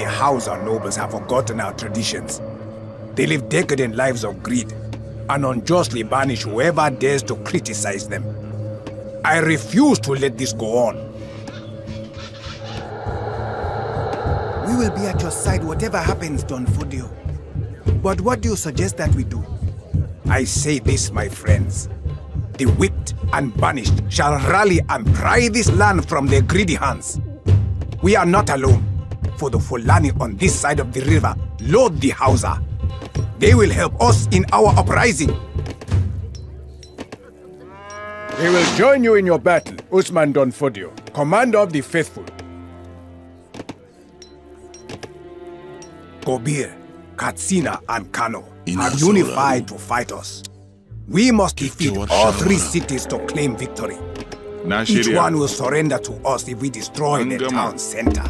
the Hausa nobles have forgotten our traditions. They live decadent lives of greed and unjustly banish whoever dares to criticize them. I refuse to let this go on. We will be at your side whatever happens, Don Fudio. But what do you suggest that we do? I say this, my friends. The whipped and banished shall rally and pry this land from their greedy hands. We are not alone for the Fulani on this side of the river load the Hauser, They will help us in our uprising. We will join you in your battle, Usman Don Fodio, commander of the faithful. Kobir, Katsina, and Kano have unified to fight us. We must defeat all three cities to claim victory. Each one will surrender to us if we destroy the town center.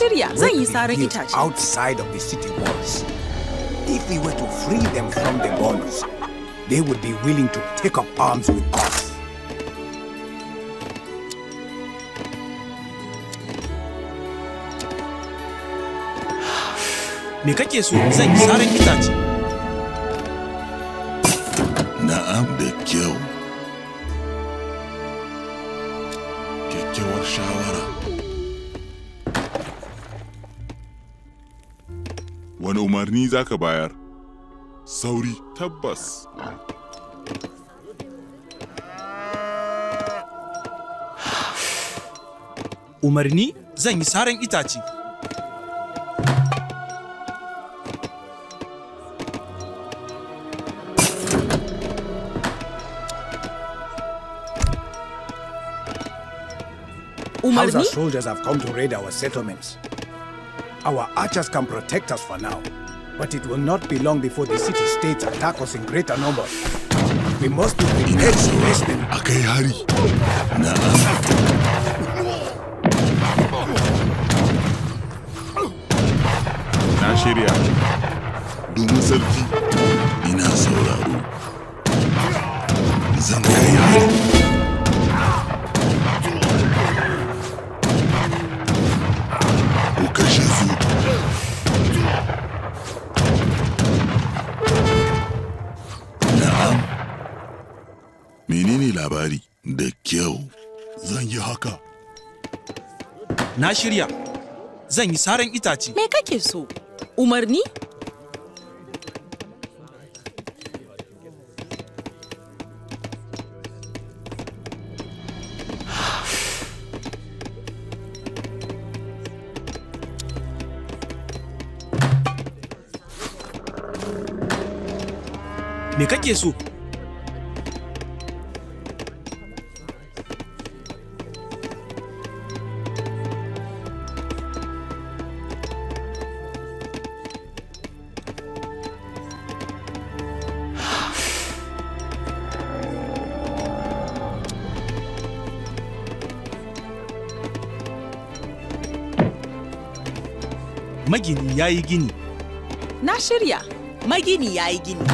shirya zan yi sarar itace. outside of the city walls. If we were to free them from the bonds, they would be willing to take up arms with us. Me kake so zan yi sarar itace? ni za ka bayar sauri tabbas umarni zan yi saran itace Umarni? the soldiers have come to raid our settlements. Our archers can protect us for now. But it will not be long before the city-states attack us in greater numbers. We must be prepared to face them. Okay, hurry. Nah. Na shirya. Domin sarki, ina saura. na shirya zan yi saran itace me kake so umarni me kake so magini ya yi gini. Na shirya, magini ya yi gini.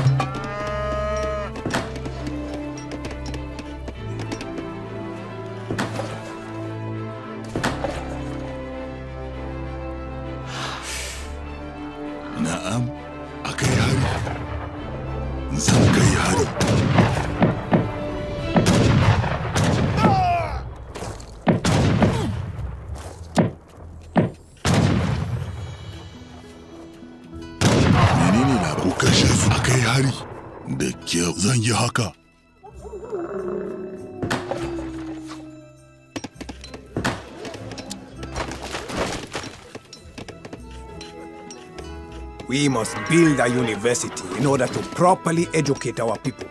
We must build a university in order to properly educate our people.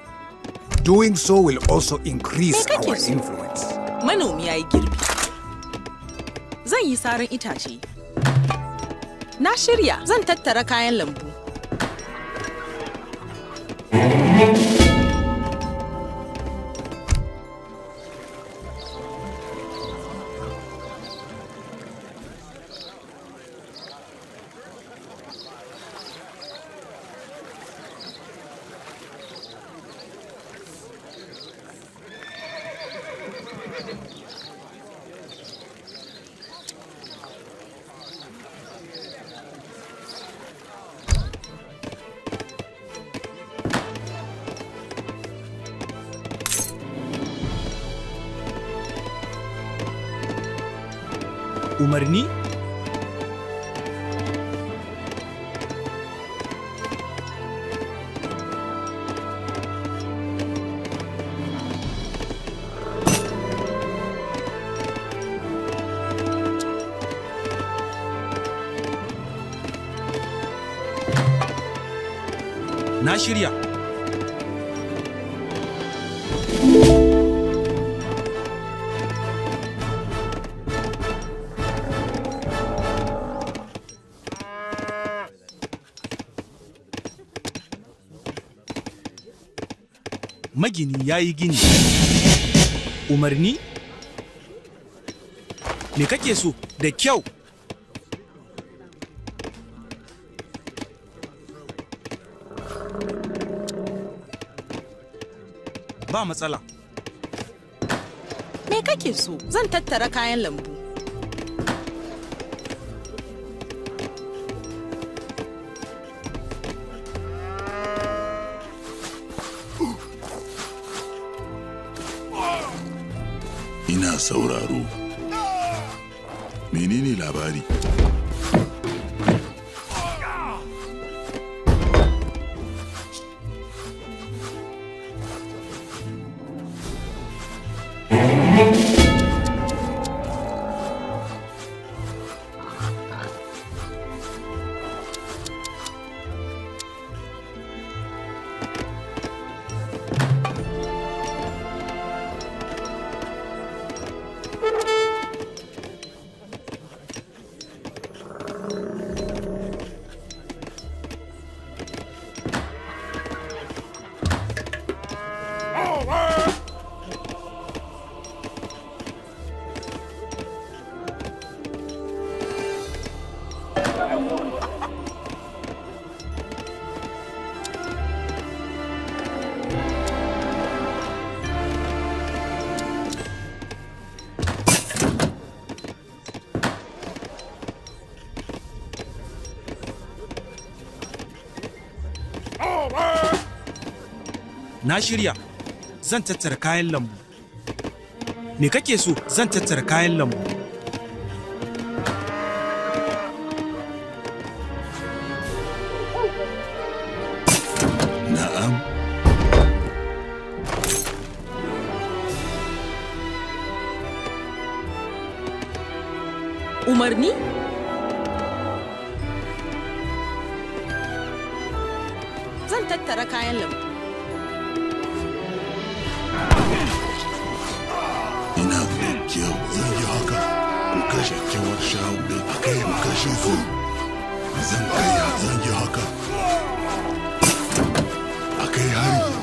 Doing so will also increase our influence. Manomi ya yi girbi. Zan yi sarin itace. Na shirya zan tattara kayan lambu. மருணி gini ya yi gini umarni me kake so da kyau ba matsala me kake so zan tattara kayan lambu sauraro menene labari na shirya zan tattara kayan lambu me kake so zan tattara kayan lambu umarni zan tattara kayan lambu tashin su zan kai ya zangi haka a kai hari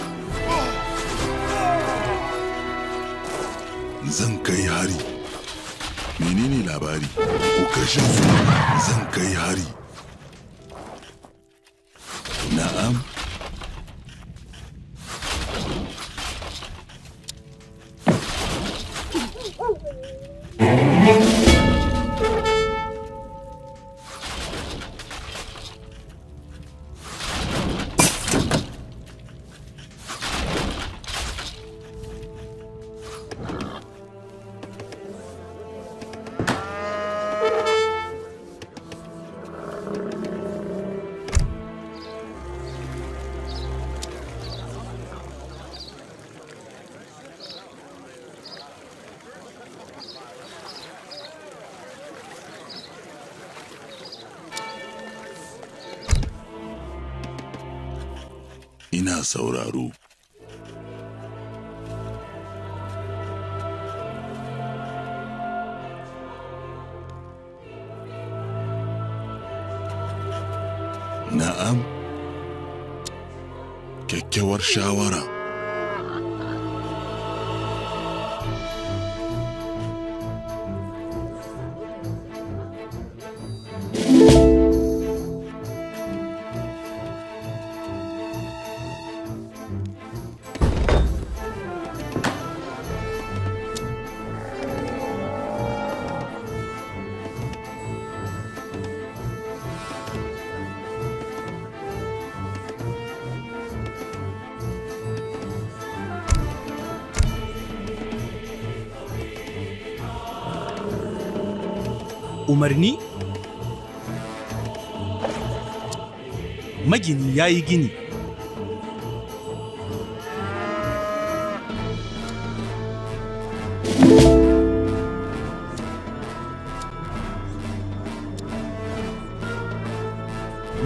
zan kai hari menene labari ko kashin su zan kai hari كورشة ورا umarni magini ya yi gini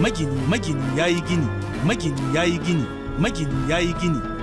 magini magini ya yi gini magini ya yi gini magini ya yi gini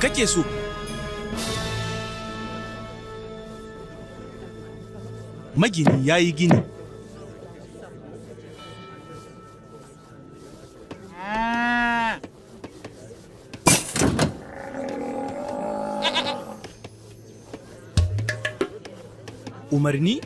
kake so magini ya yi gini umarni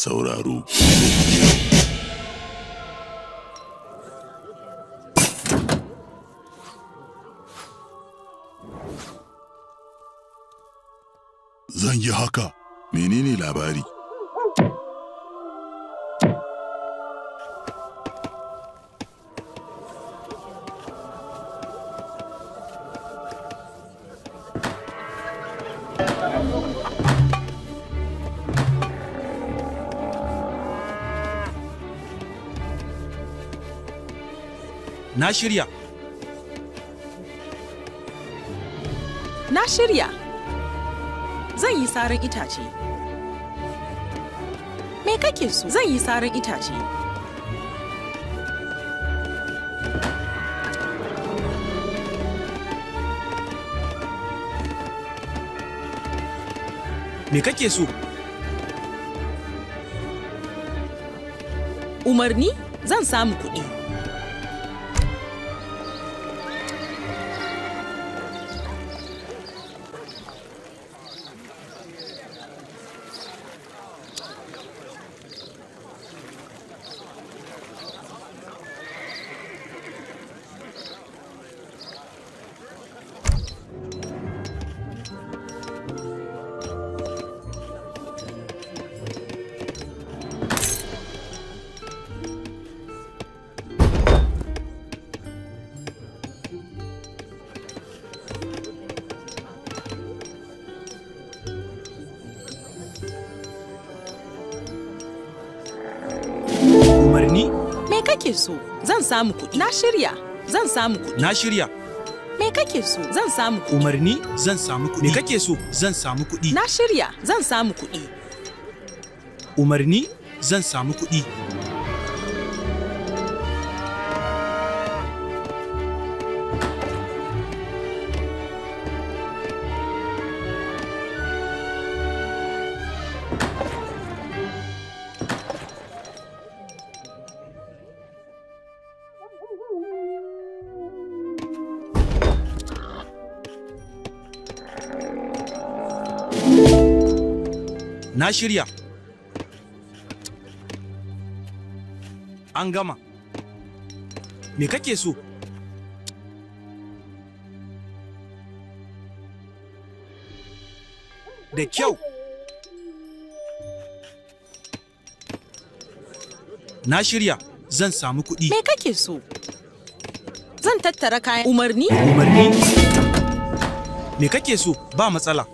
sauraro. Zan yi haka, menene labari? na shirya na shirya zan yi sarin itace me kake so zan yi sarin itace me kake so umarni zan samu kuɗi kake so? Zan samu kuɗi. Na shirya. Zan samu kuɗi. Na shirya. Me kake so? Zan samu kuɗi. Umarni zan samu kuɗi. Me kake so? Zan samu kuɗi. Na shirya. Zan samu kuɗi. Umarni zan samu kuɗi. shirya an gama me kake so da kyau na shirya zan samu kuɗi me kake so zan tattara kayan umarni umarni me kake so ba matsala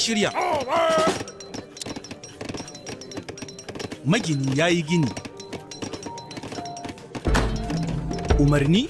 shirya magini ya yi gini umarni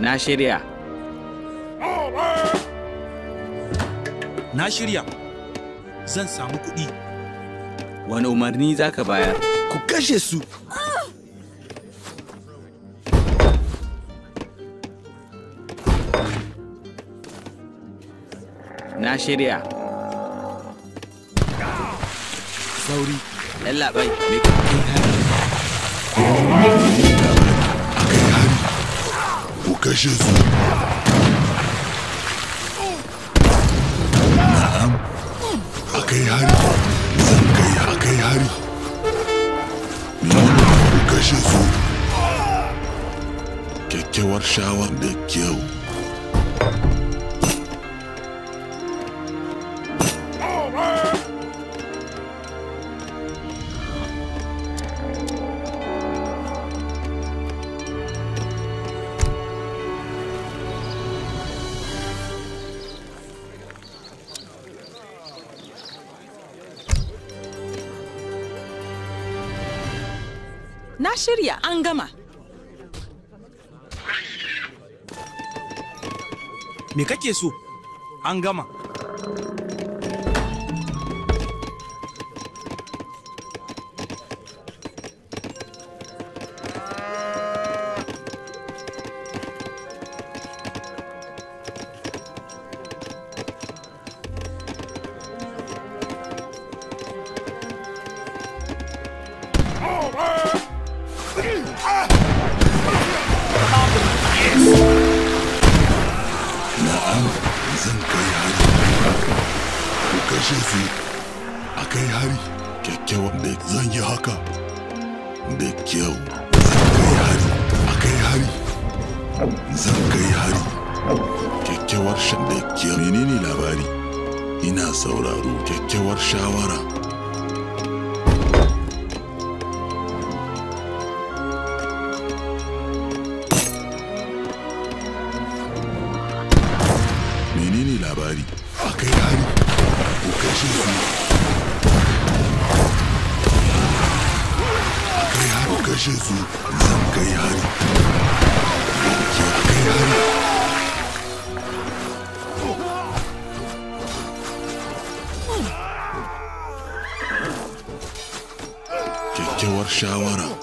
Na shirya. Na shirya. Zan samu kuɗi. Wani umarni za ka bayar? Ku kashe su! Na shirya. Sauri. Lallaɓai, me kai haka? جزء نعم حكي هاري زنكي حكي هاري لونك نعم، جزء كيكي ورشاوة بكيو gama. Me kake so? An Na'am, zan kai hari. Ku kashe a kai hari kyakkyawan da zan yi haka. Da kyau, zan kai hari a kai hari. Zan kai hari. Kyakkyawar da kyau. Menene labari? Ina sauraro kyakkyawar shawara. Покари. Покари. Покажи зуб. Покажи зуб. Закаяри. Закаяри. Kyakkyawar shawara.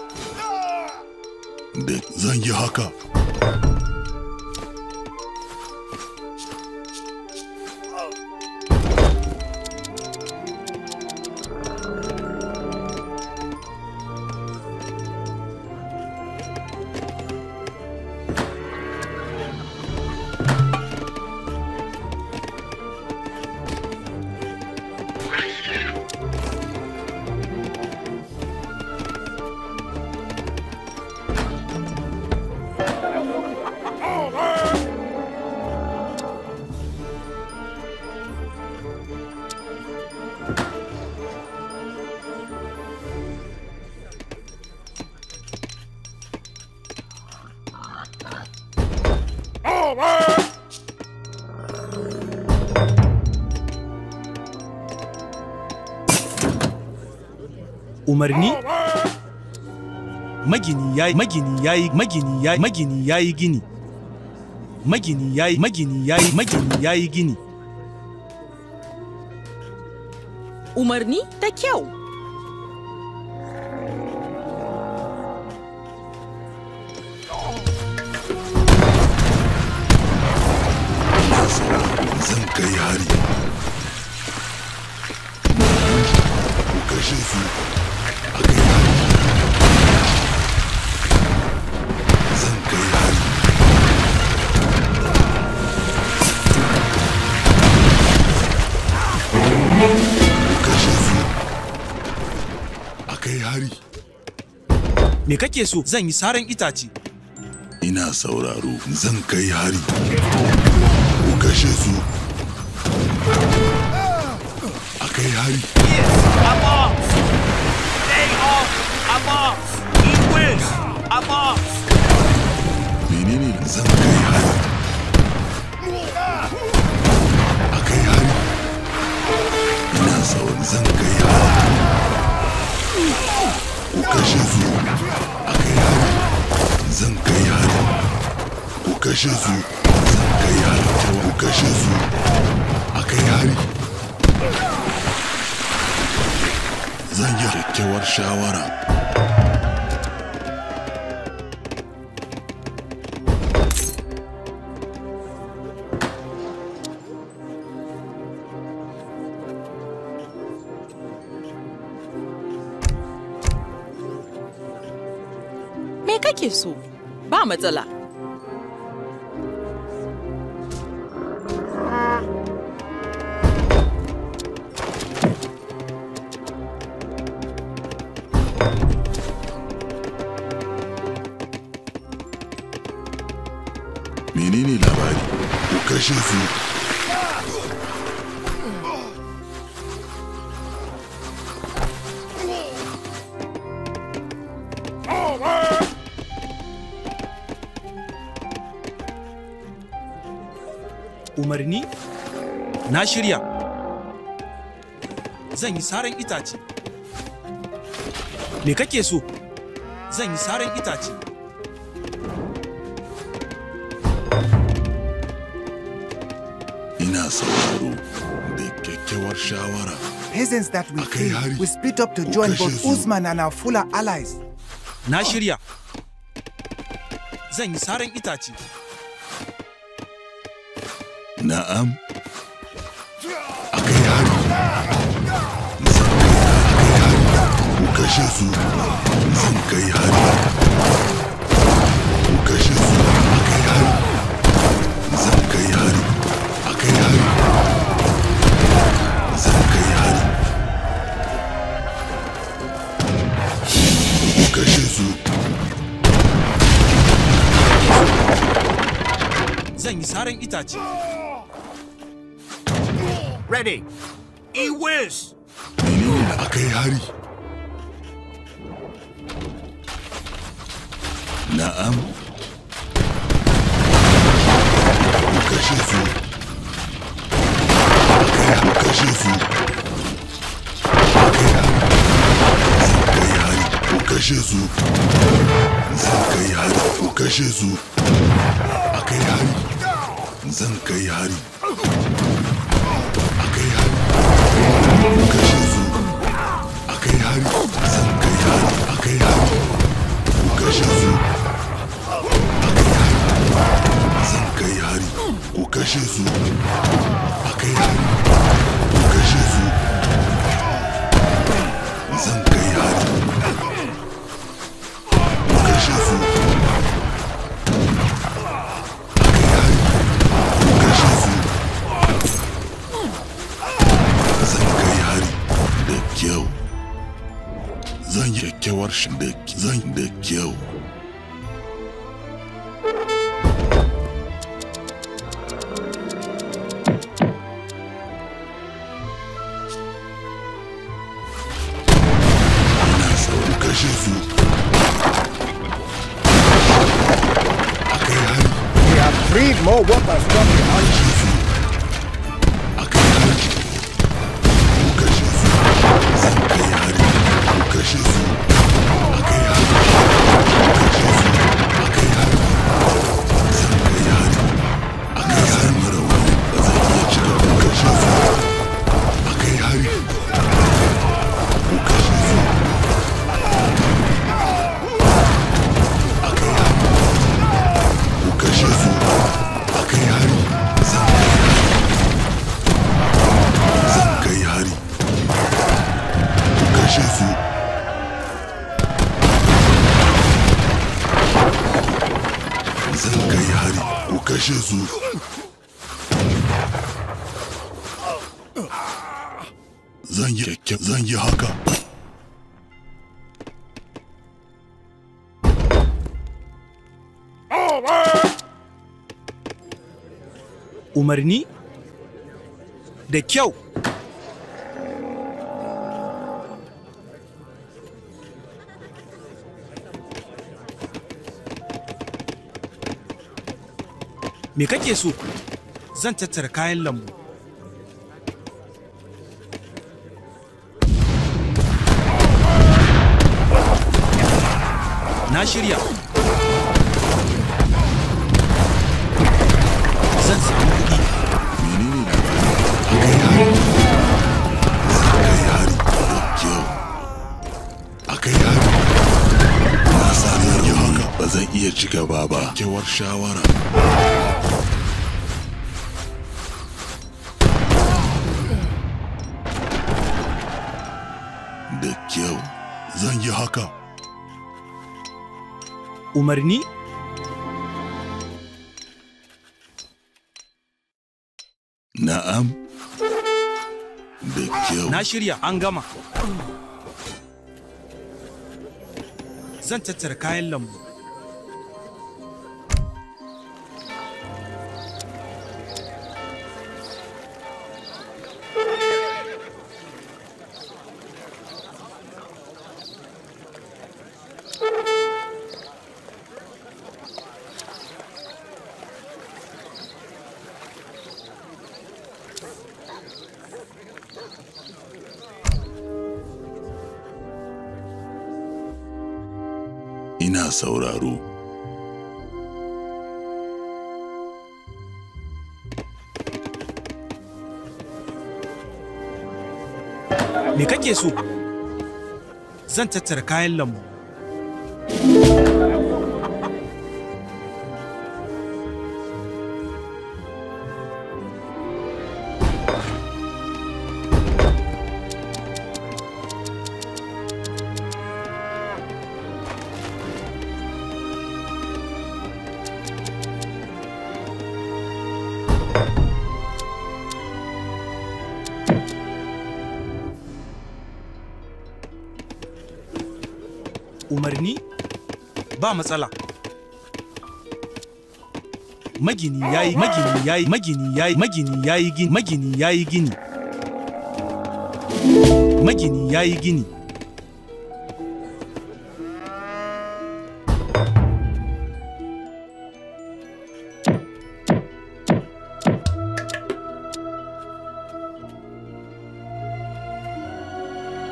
umarni magini yayi magini yayi magini yayi magini yayi gini magini yayi magini yayi magini yayi gini umarni ta kyau Me kake so? Zan yi saran itace. Ina sauraro, zan kai hari. Ku kashe su. A kai hari. Yes, abort! Stay off! Abort! He wins! Abort! Menene zan kai hari? A kai hari. Ina sauraro, zan kai hari. Ku kashe su. zan kai hari ku kashe su zan kai hari ku kashe su a kai hari zan yi kyakkyawar shawara me kake so ba matsala shirya zan yi saran itace me kake so zan yi saran itace ina sauraro da kyakkyawar shawara peasants that we kill we split up to join both Usman and our fuller allies na shirya zan yi saran itace na'am kashe su sun hari ku kashe a kai hari zan hari a kai hari hari zan yi saran itace ready e wins menene aka yi hari نعم مكشفي كيف مكشفي Jesu zan kai hari kuka Jesu a kai hari zan kai hari a hari kuka hari zan zan kai hari ku kashe su a kai hari ku kashe su zan kai hari ku kashe su Zan yi kyakkyawar shi da zan da kyau. Need more weapons from the Anshis. Akaya. Ukashisu. Akaya. Ukashisu. Akaya. umarni da kyau me kake so zan tattara kayan lambu na shirya ci gaba ba kewar shawara da kyau zan yi haka umarni na'am da kyau na shirya an gama zan tattara kayan lambu sauraro. Me kake so? Zan tattara kayan lambu. ba matsala magini yayi magini yayi magini yayi magini yayi gini magini yayi gini magini yayi gini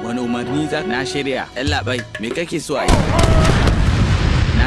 wani umarni za na shirya yan labai me kake so a yi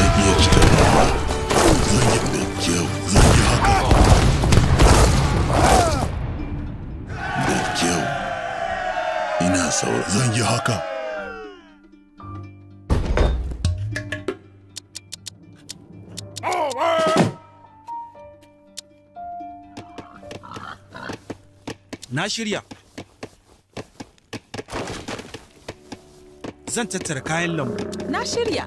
Зенечка. Зенечка. Зенечка. Zanyahaka. Ina so Zanyahaka. Na shirya. Zan tattara kayan lambu. Na shirya.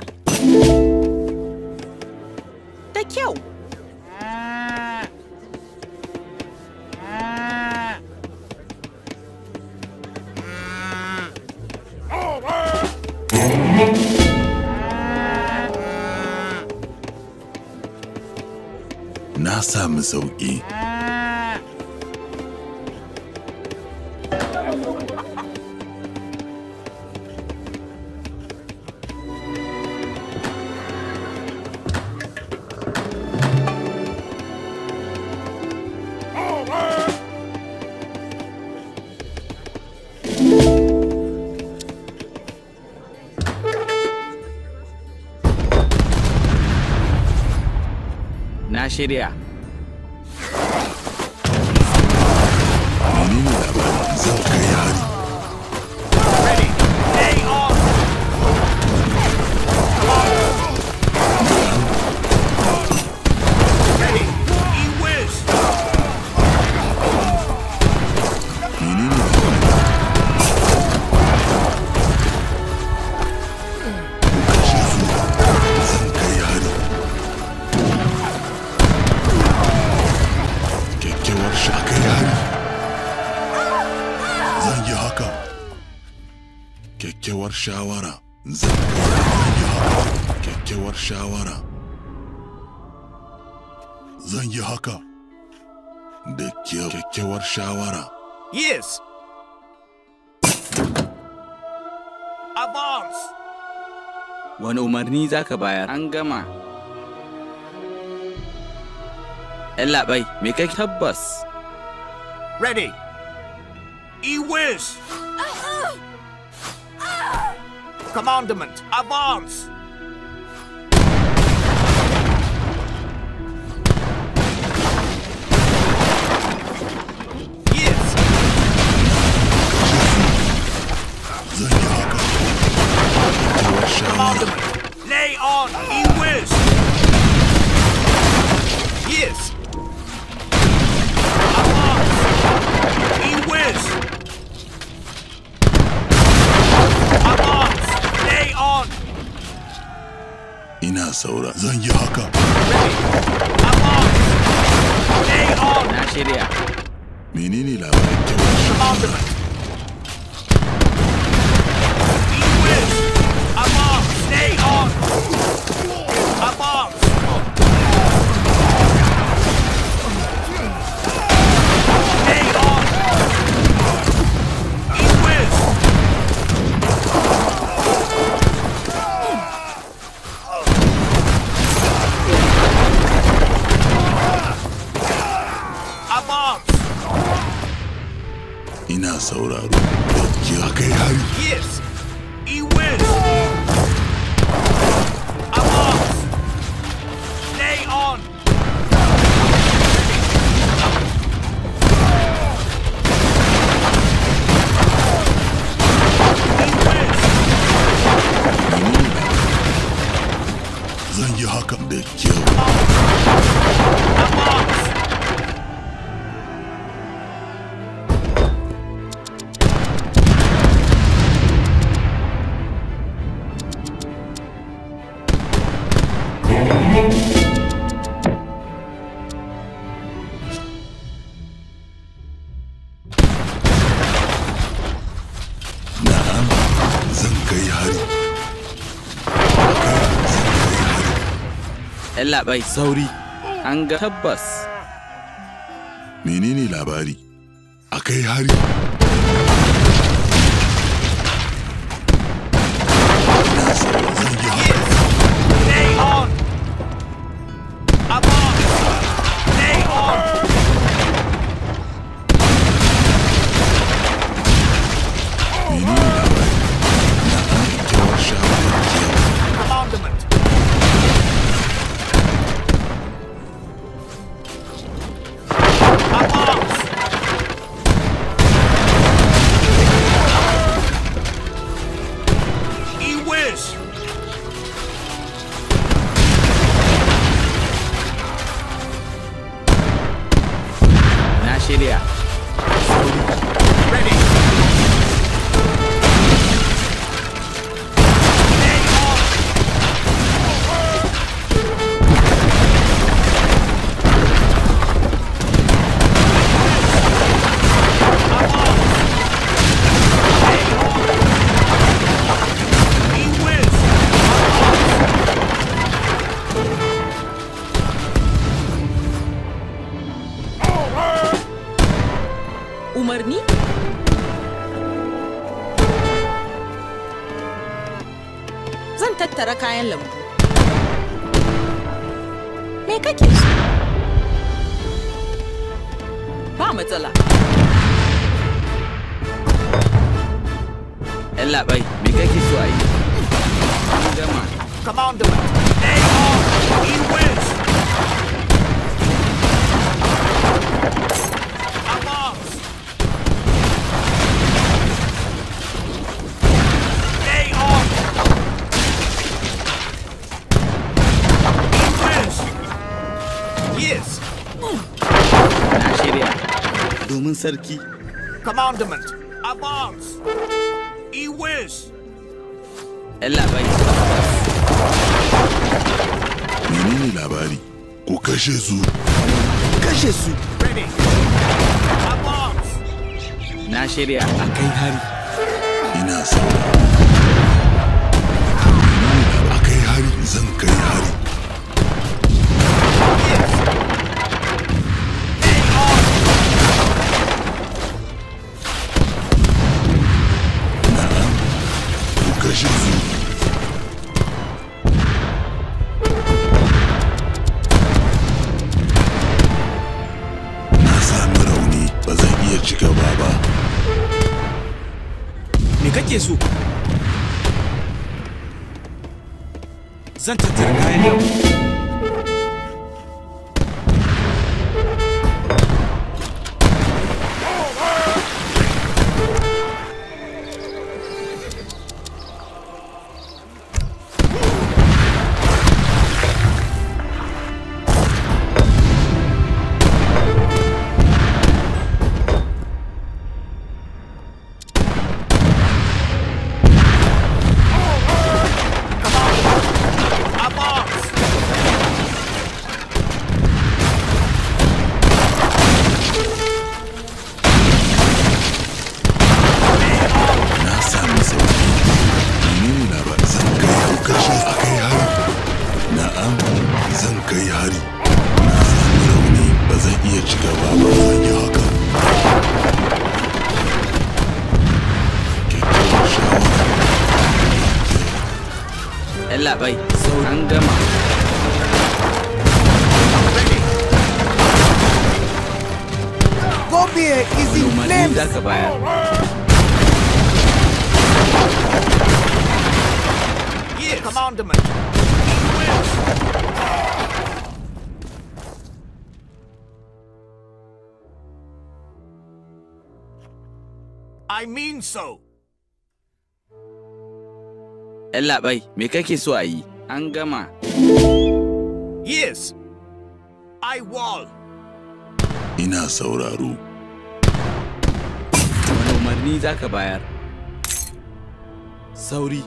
Na sami sauƙi. ശരിയാ ni zaka ka bayar an gama labai me kai tabbas ready he wins commandment advance Come on, Lay on! He wills! Yes! Avance! He wills! Avance! Lay on! haka. Avance! Lay on! Na shirya. Menene Sauri. An ga tabbas. Menene labari? Akai hari. Umarni? Zan tattara kayan lambu. Me kake so? Ba matsala. ‘Yan labai, me kake so a yi? Commandment, they are oh, in Wales! sarki. Commandment, advance! Iwis! ‘Yan labari. Menene labari? Ku kashe su. Kashe su! Ready! Advance! Na shirya a kai hari. Ina so. A kai hari zan kai hari. so. me kake so a yi? An gama. Yes, I wall. Ina sauraro. Wani umarni za ka bayar? Sauri.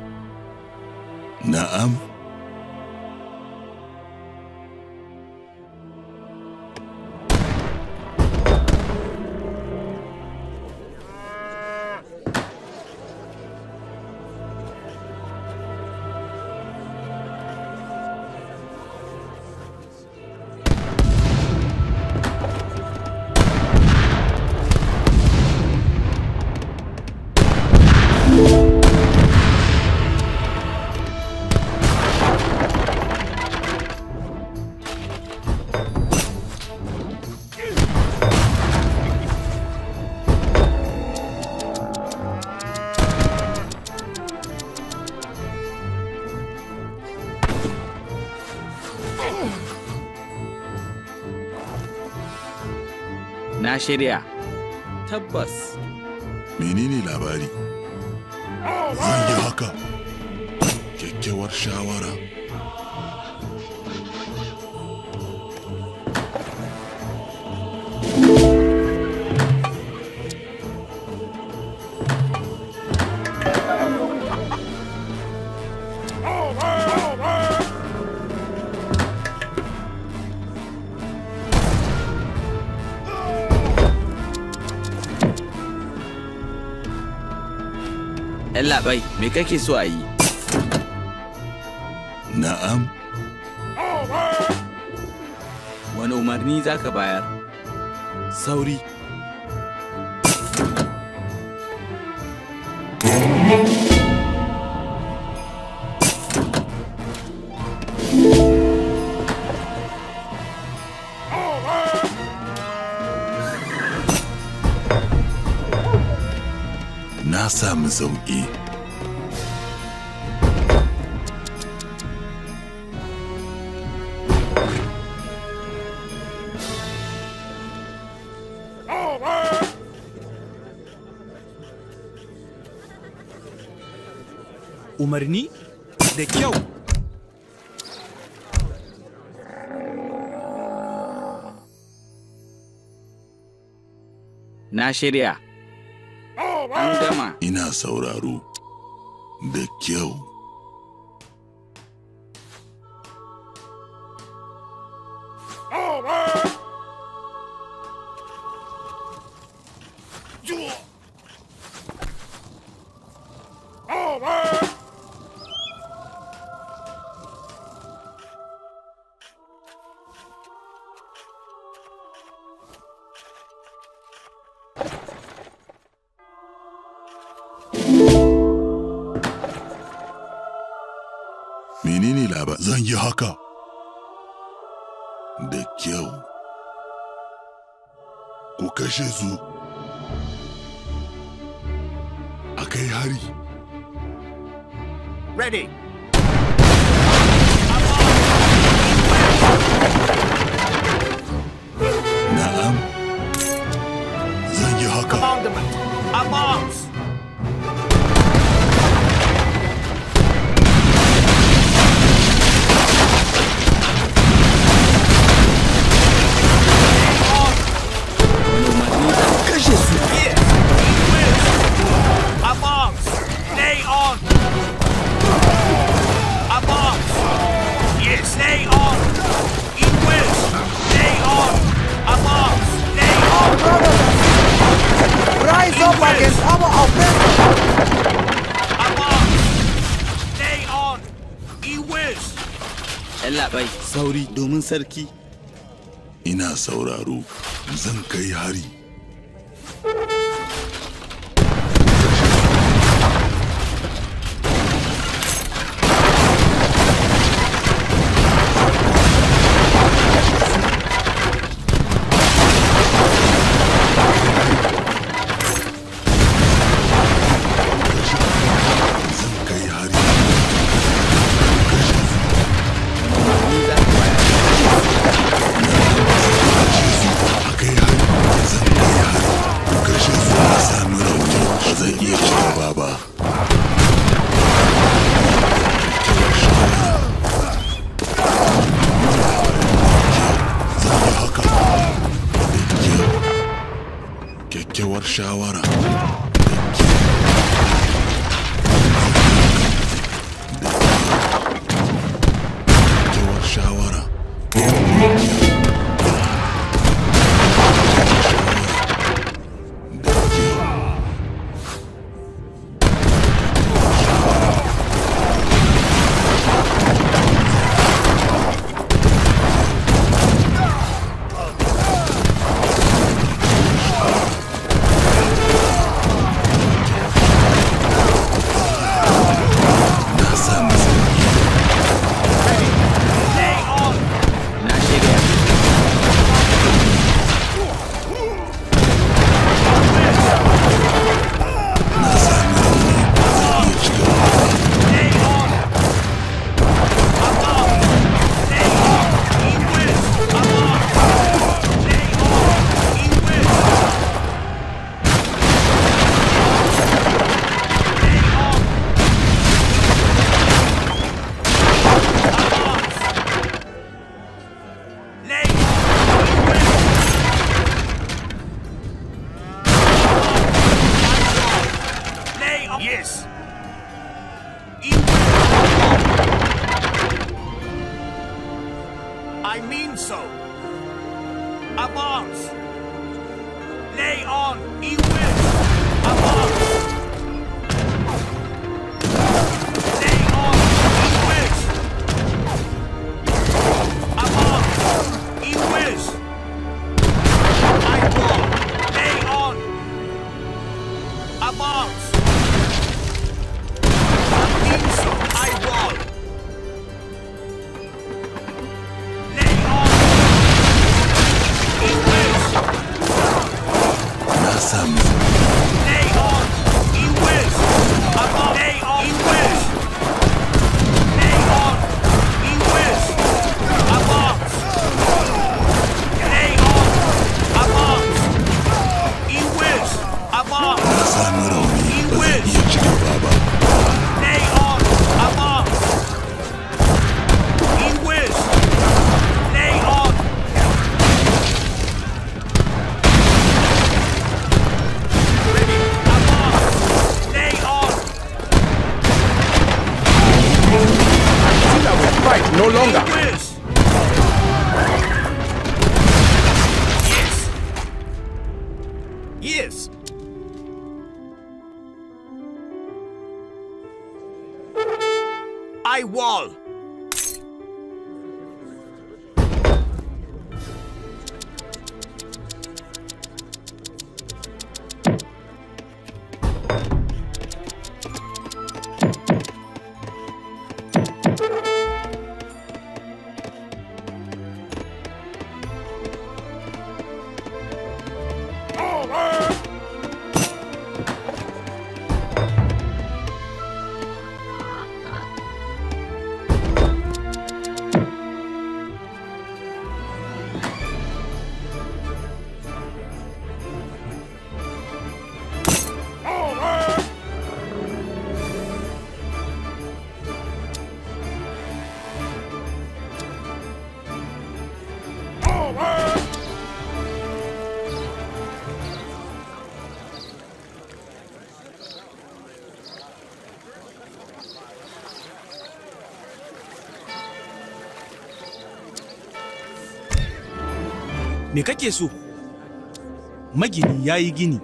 Na'am. shirya tabbas menene labari zan yi haka kyakkyawar shawara me kake so a yi? Na'am. Wani umarni za ka bayar? Sauri. Na samu sauƙi. umarni da kyau na shirya an ina sauraro da kyau Jésus a kai hari. Ready. sarki ina sauraro zan kai hari awesome. They are evil. They are me kake so magini ya yi gini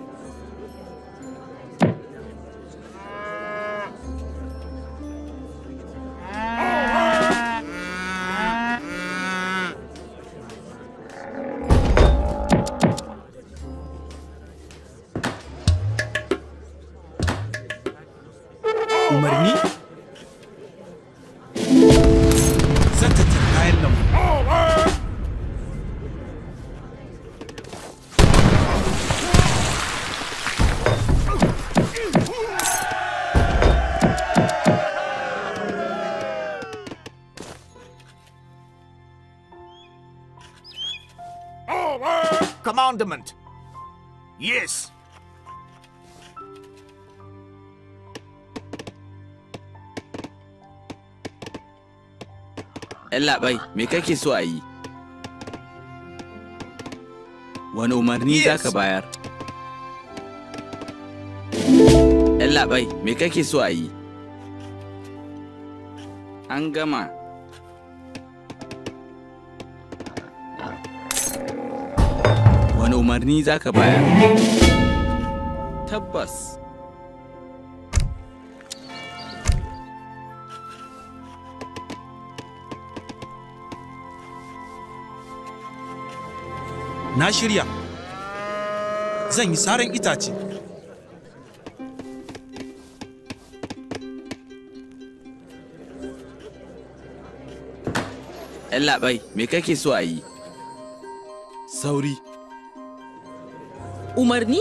labai me kake so a yi wani umarni za ka bayar ɗan labai me kake so a yi an gama wani umarni za ka bayar tabbas na shirya zan yi saran itace ‘Yan labai, me kake so a yi? Sauri. Umarni?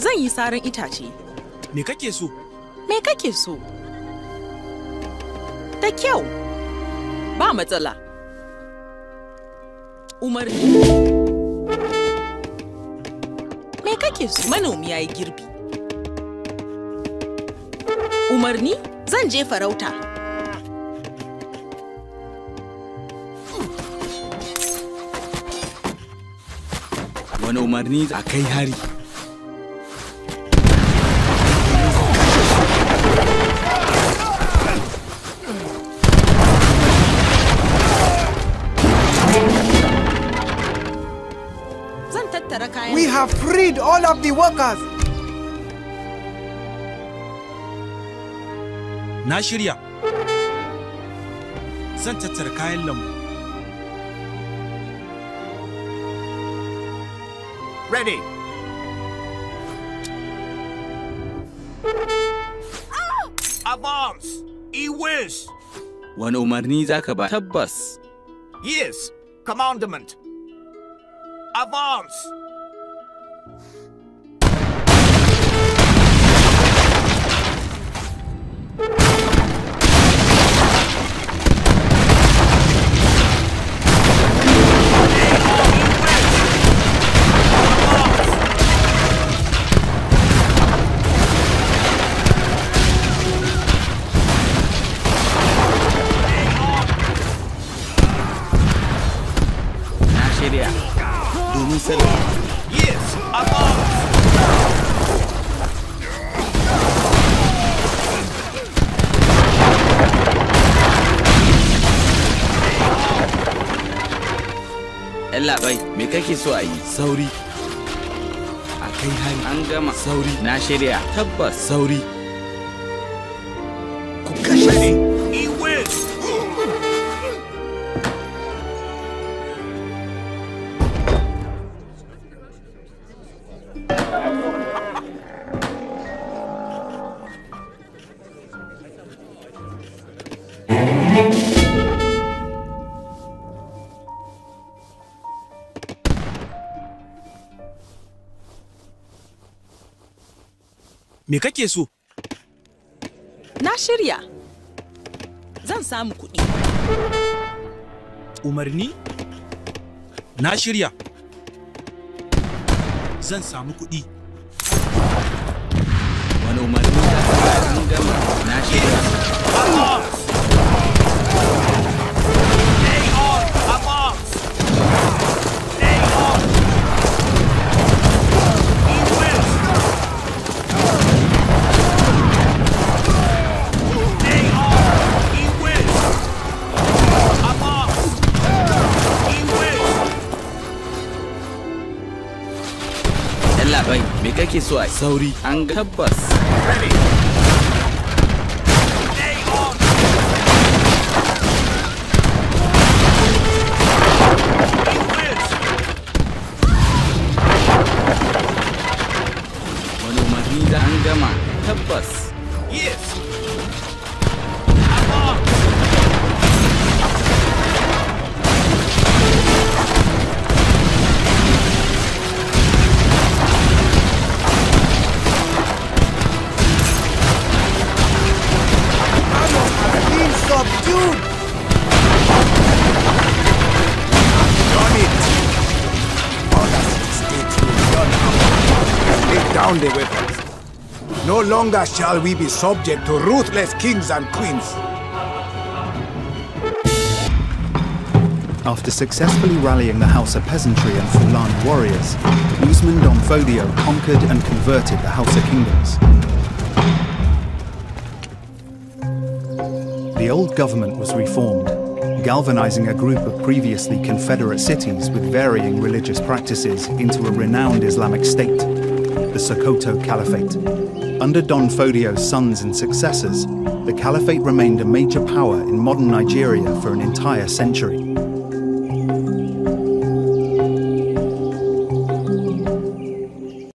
Zan yi saran itace. Me kake so? Me kake so? Da kyau, ba matsala. umarni me kake su? manomi ya yi girbi umarni zan je farauta wani umarni a kai hari all of the workers. Na shirya. Zan tattara kayan lambu. Ready. Advance! He wins! Wani umarni zaka ka ba? Tabbas. Yes, commandment. Advance! ake so a yi sauri a kai hari an gama sauri na shirya tabbas sauri Me kake so? Na shirya. Zan samu kuɗi. Umarni? Na shirya. Zan samu kuɗi. Wani umarni da na shirya. ake so a sauri an tabbas longer shall we be subject to ruthless kings and queens. After successfully rallying the Hausa peasantry and Fulani warriors, Usman Domfodio conquered and converted the Hausa kingdoms. The old government was reformed, galvanizing a group of previously confederate cities with varying religious practices into a renowned Islamic state, the Sokoto Caliphate. Under Don Fodio's sons and successors, the Caliphate remained a major power in modern Nigeria for an entire century.